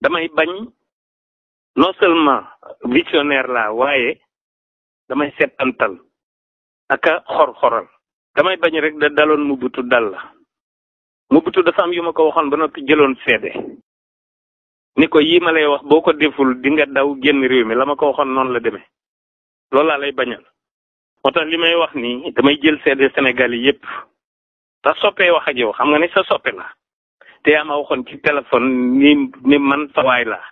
damay bañ non seulement visionnaire laa waaye damay settantal ak a xor-xoral damay bañ rek da daloon mu butu dal la mu butu dafa am yu ma ko waxoon ba noppi jëloon seede ni ko yii ma lay wax boo ko deful di daw génn réew mi la ma ko waxoon noonu la demee loolu laa lay bañal moo tax li may wax nii damay jël seede Sénégal yi yépp sa soppee wax ak yow xam nga ni sa soppe la te ama waxoon ci téléphone ni ni man sawaay laa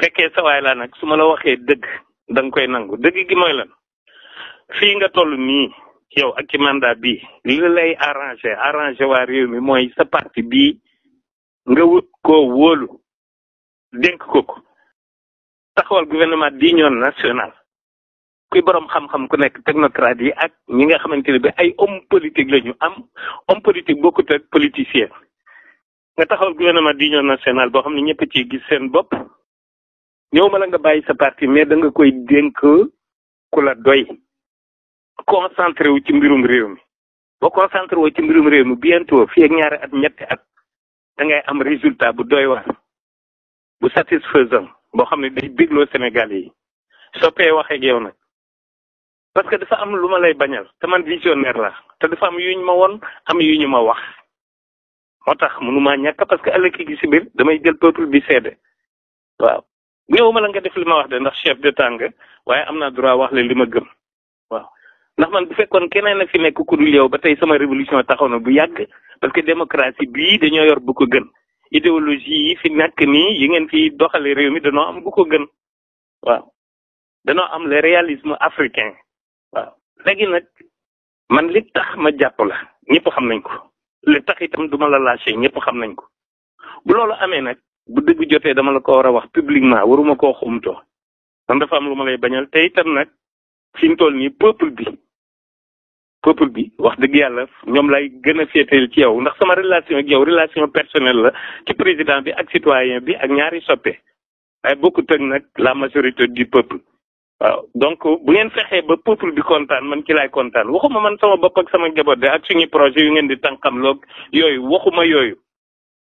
fekkee sawaay laa nag su ma la waxee dëgg da koy nangu dëgg gi mooy lan fii nga toll nii yow ak ci mandat bii li lay arrangé arrangé waa réew mi mooy sa parti bi nga wut ko wóolu dénk ko ko taxawal gouvernement d'union nationale kuy borom xam-xam ku nekk technocrate yi ak ñi nga xamante ne bi ay homme politique la ñu am homme politique bokkut ak politicien nga taxawal gouvernement d'union nationale boo xam ne ñëpp ci gis seen bopp ñëw ma la nga bàyyi sa parti mais danga koy dénk ku la doy concentré wu ci mbirum réew mi boo concentré woo ci mbirum réew mi bientôt fi ak ñaari at ñetti at da ngay am résultat bu doy waar bu satisfaisant boo xam ne day bégloo Sénégal yi soppee wax yow nag parce que dafa am lu ma lay bañal te man visionnaire la te dafa am yu ñu ma woon am yu ñu ma wax motax munuma ñaka parce que ëlëk gi ci bir damay jël peuple bi sédé waaw ñewuma la nga def lima wax de ndax chef de tang waye amna droit wax le lima gëm waaw ndax man bu fekkon keneen fi nekk ku dul yow batay sama révolution taxawna bu yagg parce que démocratie bii dañoo yor bu ko gën idéologie yi fi nekk ni yi ngeen fi doxale réew mi dañoo am bu ko gën waaw dañoo am le réalisme africain waaw légui nak man li tax ma japp la ñepp xam nañ ko li tax itam duma la lâché ñëpp xam nañ ko bu loolu amee nag bu dëgg jotee dama la ko war a wax publiquement waruma koo xumtoo man dafa am lu ma lay bañal te itam nag fi mu toll nii peuple bi peuple bi wax dëgg yàlla ñoom lay gën a féeteel ci yow ndax sama relation ak yow relation personnelle la ci président bi ak citoyen bi ak ñaari soppe waaye bokkut ak nag la majorité du peuple waaw donc bu ngeen fexee ba peuple bi kontaan man ci laay kontaan waxuma man sama bopp ak sama njaboot de ak suñu projet yu ngeen di tànqamloog yooyu waxuma yooyu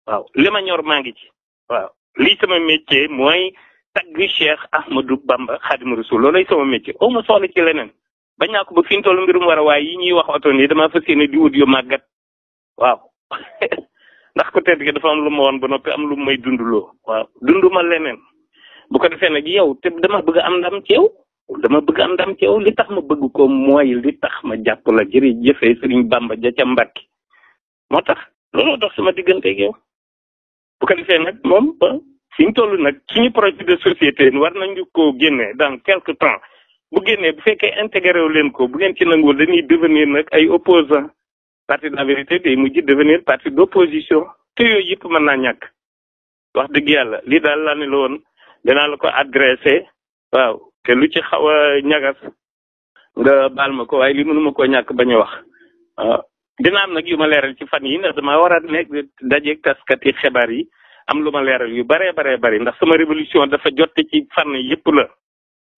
waaw li ma ñor maa ngi ci waaw lii sama métier mooy tagg Cheikh Ahmadou Bamba Xaadimu Rasuul loolay sama métier aw ma soxla ci leneen bañ naa ko ba fi ñu toll mbirum war waaye yi ñuy wax oto nii damaa fas yéene di wut yu màggat waaw ndax ku tedd gi dafa am lu ma woon ba noppi am lu may dundloo waaw dunduma leneen bu ko defee nag yow te dama bëgg am ndam ci yow dama bëgg am ndam ci yow li tax ma bëgg koo mooy li tax ma jàpp la jërëjëfee Sëriñ Bàmba ja ca Mbàkke moo tax looloo dox sama digganteeg yow bu ko defee nag moom ba fi ñu toll nag suñu projet de société war nañu ko génne dans quelque temps bu génnee bu fekkee intégré wu leen ko bu ngeen ci nanguwul dañuy devenir nag ay opposants parti de la vérité day mujj devenir parti d' opposition te yooyu yëpp mën naa ñàkk wax dëgg yàlla lii daal laa ne la dinaa la ko adressé waaw te lu ci xaw a ñagas nga baal ma ko waaye li mënuma koo ñàkk bañ wax waaw ah, am nag yu ma leeral ci fan yi ndax dama war a nekk dajeeg taskati xibaar yi am lu ma leeral yu baree baree bari ndax sama révolution dafa jot ci fànn yëpp la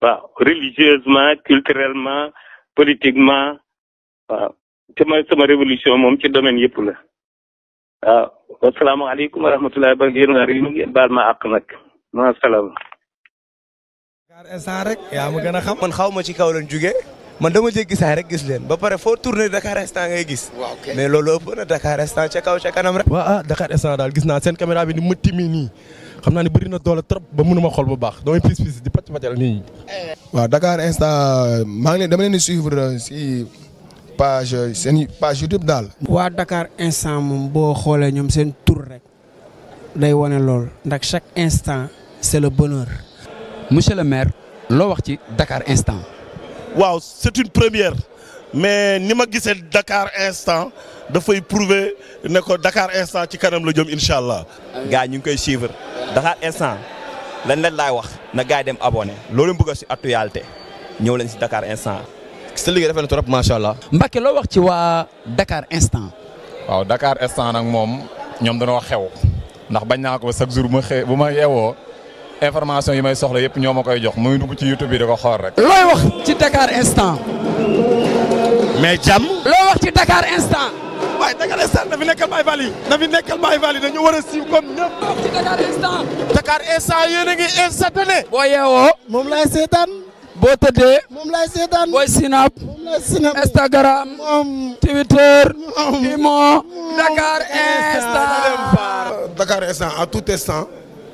waaw religieusement culturellement politiquement waaw te ma sama révolution moom ci domaine yëpp la waaw ah, asalaamaaleykum wa rahmatulah ba ngeen war yi ngeen baal ma àq nag ma salaam. Dakar instant rek yaa ma gën a xam. man xaw ma ci kaw lañ jugee man dama jéggi saa rek gis leen ba pare foo tourné Dakar instant ngay gis. waaw ok mais loolu ëpp na Dakar instant ca kaw ca kanam rek. waaw ah, gis naa seen caméra bi ni mu timi xam naa ne bëri na doole trop ba mënuma xool bu baax damay pis di pàcc pàccal nii. waaw Dakar instant maa ngi dama leen di suivre si. page seen page YouTube daal. waa Dakar instant moom boo xoolee ñoom seen tour rek day wane lool ndax chaque instant c'est le bonheur. monsieur le maire c'est Dakar instant. Wow, c'est une première mais ni Dakar instant faut prouver que Dakar instant ci kanam le gars ñu Dakar instant Nous leen laay wax na gars dem abonné actualité Dakar instant. C'est ce que na trop Dakar instant. Dakar instant nag moom ñoom dañoo xew ndax bañ naa chaque jour ma information yi may soxla yëpp ñoo ma koy jox muy dugg ci YouTube bi da ko xool rek. looy wax ci Dakar instant. mais jàmm. looy wax ci Dakar instant. Dakar instant na fi instant. Dakar boo yeewoo. moom laay seetaan. boo tëddee. moom laay seetaan. Instagram. Twitter. moom Imo. Dakar instant. Dakar instant à tout